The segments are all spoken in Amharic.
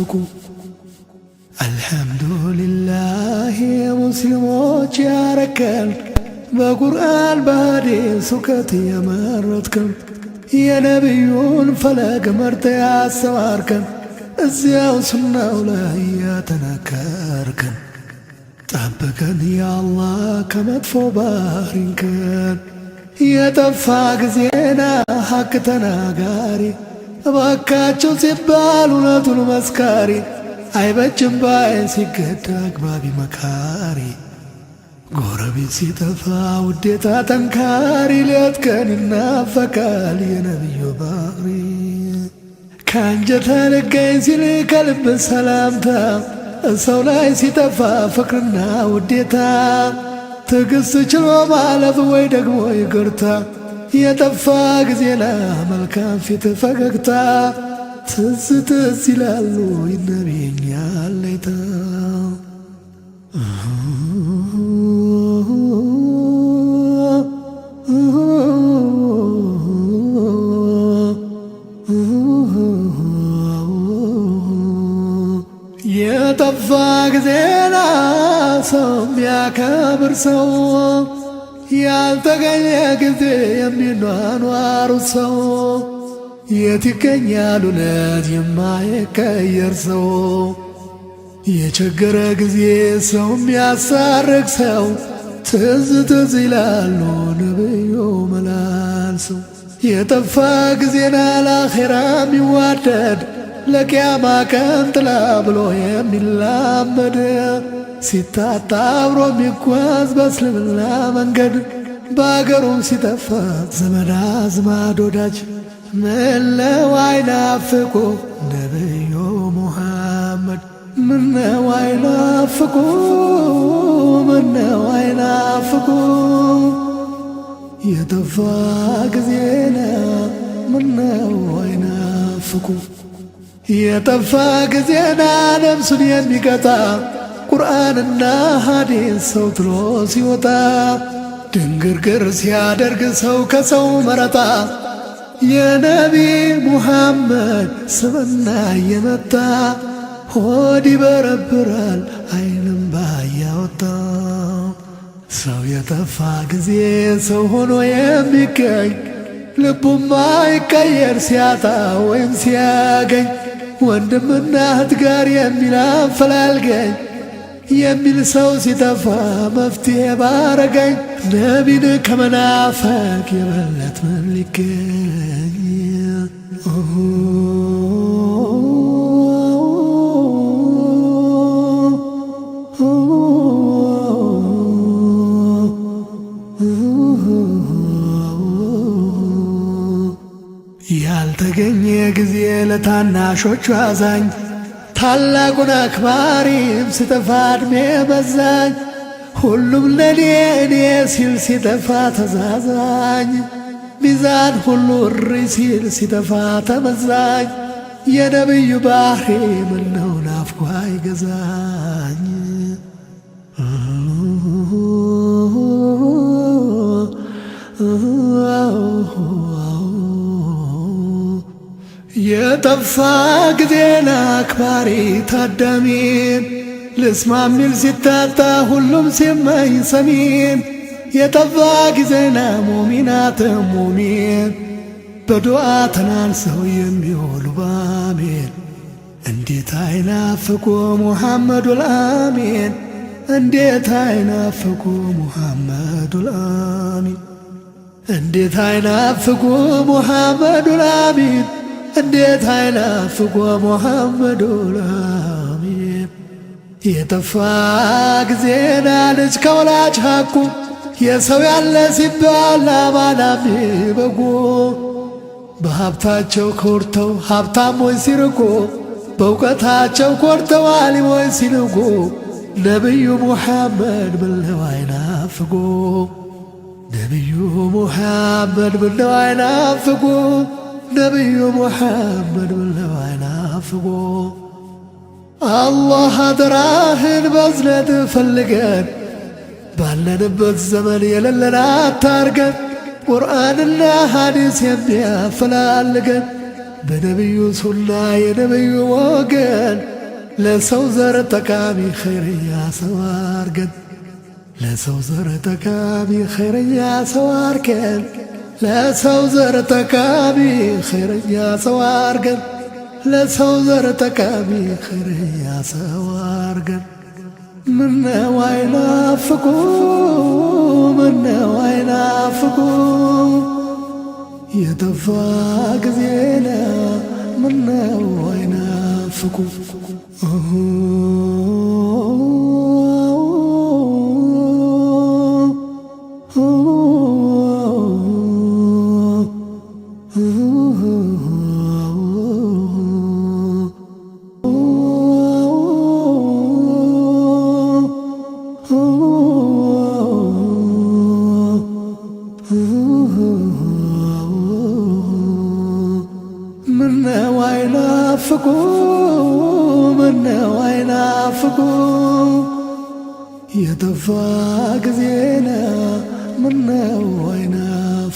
ሱቁ አልሐምዱሊላህ ሙስሊሞች ያረከን በቁርአን በሐዲስ እውቀት የመረትከን የነቢዩን ፈለግ መርተ ያሰማርከን እዚያው ስናው ላይ ያተናከርከን ጠብቀን ያአላህ ከመጥፎ ባህሪንከን የጠፋ ጊዜና ሐቅ ተናጋሪ እባካቸው ሲባል እውነቱን መስካሪ አይበጅም ባይን ሲገዳ አግባቢ መካሪ ጎረቤት ሲጠፋ ውዴታ ጠንካሪ ሌት ቀን ይናፈቃል የነቢዩ ባህሪ ከአንጀት አልገኝ ሲል ከልብ ሰላምታ ሰው ላይ ሲጠፋ ፍቅርና ውዴታ ትዕግስት ችሎ ማለፍ ወይ ደግሞ ይቅርታ የጠፋ ጊዜ ለመልካም ፊት ፈገግታ ትዝ ትዝ ይላሉ ይነበኛል ሌታ የጠፋ ጊዜ ሰው የሚያከብር ሰው ያልተገኘ ጊዜ የሚኗኗሩ ሰው የት ይገኛል እውነት የማይቀየር ሰው? የቸገረ ጊዜ ሰው የሚያሳርግ ሰው ትዝ ትዝ ይላሉ ነብዩ መላልሰው። የጠፋ ጊዜና ለአኼራ የሚዋደድ ለቅያማ ቀን ጥላ ብሎ የሚላመድ ሲታጣ አብሮ የሚጓዝ በእስልምና መንገድ በአገሩም ሲጠፋ ዘመድ አዝማድ ወዳጅ ምነው አይናፍቆ ነብዩ ሙሐመድ ምነው አይናፍቆ ምነው አይናፍቆ የጠፋ ጊዜና ምነው አይናፍቆ የጠፋ ጊዜና ነፍሱን የሚቀጣ ቁርአንና ሐዲን ሰው ጥሎ ሲወጣ ድንግርግር ሲያደርግ ሰው ከሰው መረጣ የነቢ ሙሐመድ ስምና እየመጣ ሆድ ይበረብራል አይንም ባያወጣ ሰው የጠፋ ጊዜ ሰው ሆኖ የሚገኝ ልቡማ ይቀየር ሲያጣ ወይም ሲያገኝ ወንድምና እህት ጋር የሚላፈላልገኝ የሚል ሰው ሲጠፋ መፍትሄ ባረገኝ ነቢን ከመናፈቅ የበለት ምን ሊገኝ? ያልተገኘ ጊዜ ለታናሾቹ አዛኝ ታላቁን አክባሪም ስጠፋ እድሜ በዛኝ ሁሉም ለኔ እኔ ሲል ሲጠፋ ተዛዛኝ ሚዛን ሁሉ እሪ ሲል ሲጠፋ ተመዛኝ የነብዩ ባህሪ ምነው ናፍቆ አይገዛኝ Oh የጠፋ ጊዜን አክባሪ ታዳሚን ልስማ ሚል ሲታጣ ሁሉም ሲመኝ ሰሚን የጠፋ ጊዜና ሙሚናት ሙሚን በዱዓ ተናንሰው የሚውሉ ባሜን እንዴት አይናፍቁ ሙሐመዱል አሚን እንዴት አይናፍቁ ሙሐመዱል አሚን እንዴት አይናፍቁ ሙሐመዱል አሚን እንዴት አይናፍቆ ሙሐመዱ ላሚ የጠፋ ጊዜና ልጅ ከወላጅ ሐቁ የሰው ያለ ሲባል አማና በጎ በሀብታቸው ኮርተው ሀብታሞች ሲርቁ በእውቀታቸው ኮርተው አሊሞች ሲንጎ ነቢዩ ሙሐመድ ምነው አይናፍቁ ነቢዩ ሙሐመድ ምነው አይናፍቁ نبي محمد من وين الله فلقان البزلة فلقت بلن بالزمن يللنا تارقت قرآن الله حديث يبيا فلالقت بنبي سنة ينبي وقت لسو زر تكامي خير يا سوار لسو زر تكامي خير يا سوار ለሰው ዘር ተካቢ ኸይር አርገን ለሰው ዘር ተካቢ ኸይር ያሰው አርገን ምነው አይናፍቁ ምነው አይናፍቁ ምነው አይናፍቁ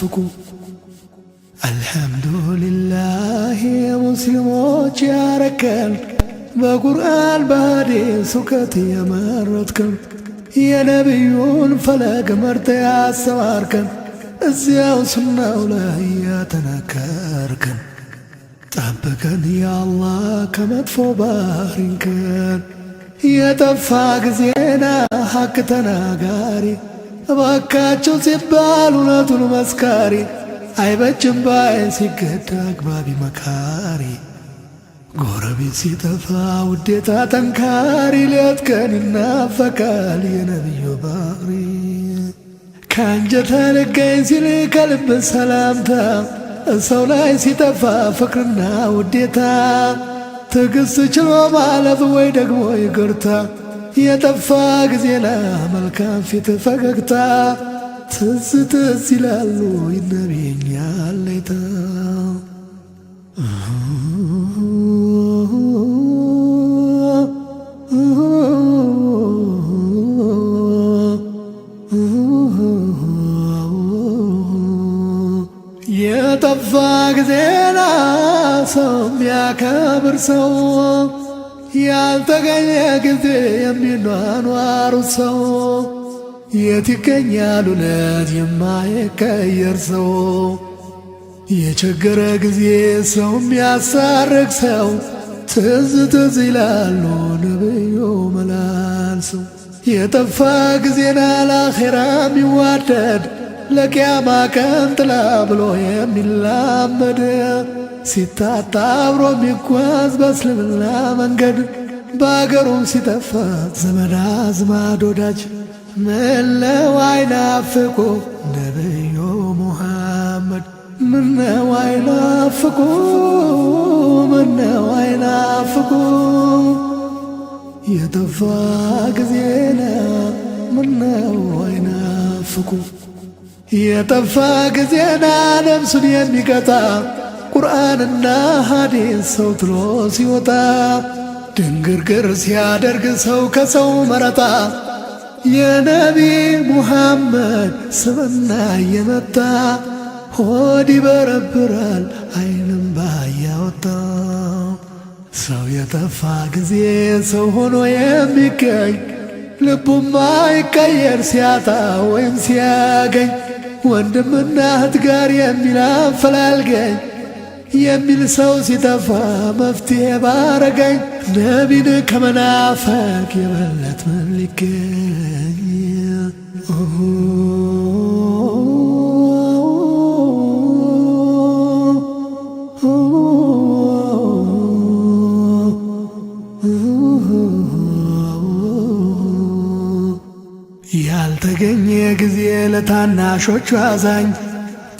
ናፍቁ። አልሐምዱሊላህ የሙስሊሞች ያረከን በቁርአን በሐዲስ እውቀት የመረትከን የነቢዩን ፈለግ መርተ ያሰማርከን እዚያው ስናው ላይ ያተናከርከን ጠብቀን ያአላህ ከመጥፎ ባህሪንከን የጠፋ ጊዜና ሐቅ ተናጋሪ እባካቸው ሲባል እውነቱን መስካሪ አይበጅም ባይ ሲገዳ አግባቢ መካሪ ጎረቤት ሲጠፋ ውዴታ ጠንካሪ ሌት ቀን ይናፈቃል የነቢዩ ባህሪ ከአንጀት ልገኝ ሲል ከልብ ሰላምታ ሰው ላይ ሲጠፋ ፍቅርና ውዴታ ትዕግስት ችሎ ማለፍ ወይ ደግሞ ይቅርታ የጠፋ ጊዜ ለመልካም ፊት ፈገግታ ትዝ ትዝ ይላሉ ይነበኛል ሌታ የጠፋ ጊዜና ሰው የሚያከብር ሰው ያልተገኘ ጊዜ የሚኗኗሩ ሰው የት ይገኛል እውነት የማይቀየር ሰው? የቸገረ ጊዜ ሰው የሚያሳርግ ሰው ትዝ ትዝ ይላሉ ነብዩ መላልሰው። የጠፋ ጊዜና ለአኼራ የሚዋደድ ለቅያማ ቀን ጥላ ብሎ የሚላመድ ሲታጣ አብሮ የሚጓዝ በእስልምና መንገድ በአገሩም ሲጠፋ ዘመድ አዝማድ ወዳጅ ምነው አይናፍቆ ነብዩ ሙሐመድ ምነው አይናፍቆ ምነው አይናፍቆ የጠፋ ጊዜና ምነው አይናፍቆ የጠፋ ጊዜና ነፍሱን የሚቀጣ ቁርአንና ሐዲስ ሰው ትሎ ሲወጣ ድንግርግር ሲያደርግ ሰው ከሰው መረጣ የነቢ ሙሐመድ ስምና እየመጣ ሆድ ይበረብራል አይንም ባያወጣ ሰው የጠፋ ጊዜ ሰው ሆኖ የሚገኝ ልቡማ ይቀየር ሲያጣ ወይም ሲያገኝ ወንድምና እህት ጋር የሚላፈላልገኝ የሚል ሰው ሲጠፋ መፍትሄ ባረገኝ ነቢን ከመናፈቅ የበለት ምን ሊገኝ? ያልተገኘ ጊዜ ለታናሾቹ አዛኝ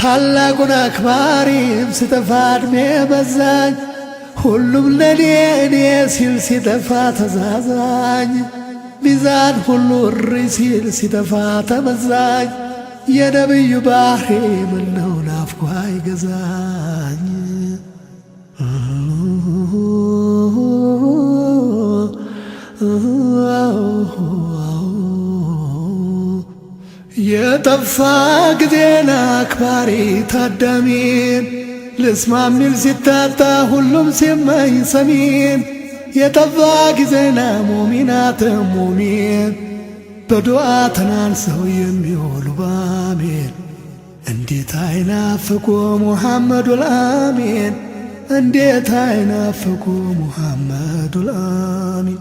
ታላቁን አክባሪም ስጠፋ እድሜ በዛኝ ሁሉም ለኔ እኔ ሲል ሲጠፋ ተዛዛኝ ሚዛን ሁሉ እሪ ሲል ሲጠፋ ተመዛኝ የነብዩ ባህሪ ምነው ናፍቆ አይገዛኝ Oh የጠፋ ጊዜን አክባሪ ታዳሚን ልስማ ሚል ሲታጣ ሁሉም ሲመኝ ሰሚን የጠፋ ጊዜና ሙሚናት ሙሚን በዱዓ ተናንሰው የሚውሉ በአሜን እንዴት አይናፍቁ ሙሐመዱል አሚን እንዴት አይናፍቁ ሙሐመዱል አሚን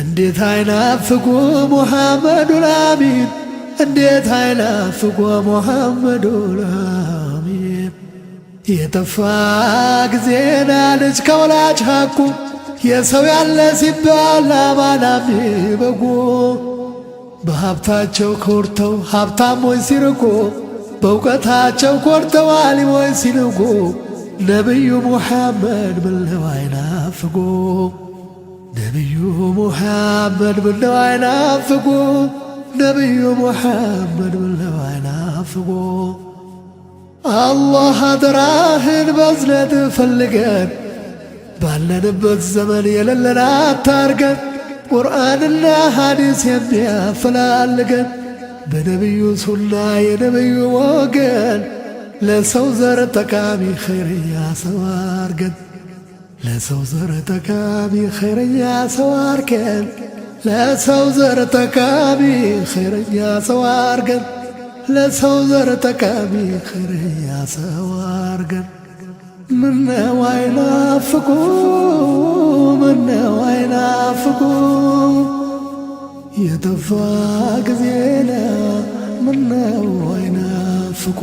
እንዴት አይናፍቁ ሙሐመዱል አሚን እንዴት አይላፍጎ ሙሐመዱ ላሚን የጠፋ ጊዜና ልጅ ከወላጅ ሐቁ የሰው ያለ ሲባል አማናሚ በጎ በሀብታቸው ኮርተው ሀብታሞች ሲርቁ በእውቀታቸው ኮርተው አሊሞች ሲልቁ ነቢዩ ሙሐመድ ምነው አይናፍጎ ነቢዩ ሙሐመድ ምነው አይናፍጎ نبي محمد واللي وينافقه الله أدراه البزلة فلقان بل نبت الزمن يلل لا تارقت قرآن الله حديث يمي أفلالقت بنبي سنة ينبي وقل لسو زر تكامي خير يا سواركت لسو زر تكامي خير يا سواركت ለሰው ዘር ተካቢ ኸይረኛ ሰው አርገን ለሰው ዘር ተካቢ ኸይረኛ ሰው አርገን ምነው አይናፍቁ ምነው አይናፍቁ የጠፋ ጊዜና ምነው አይናፍቁ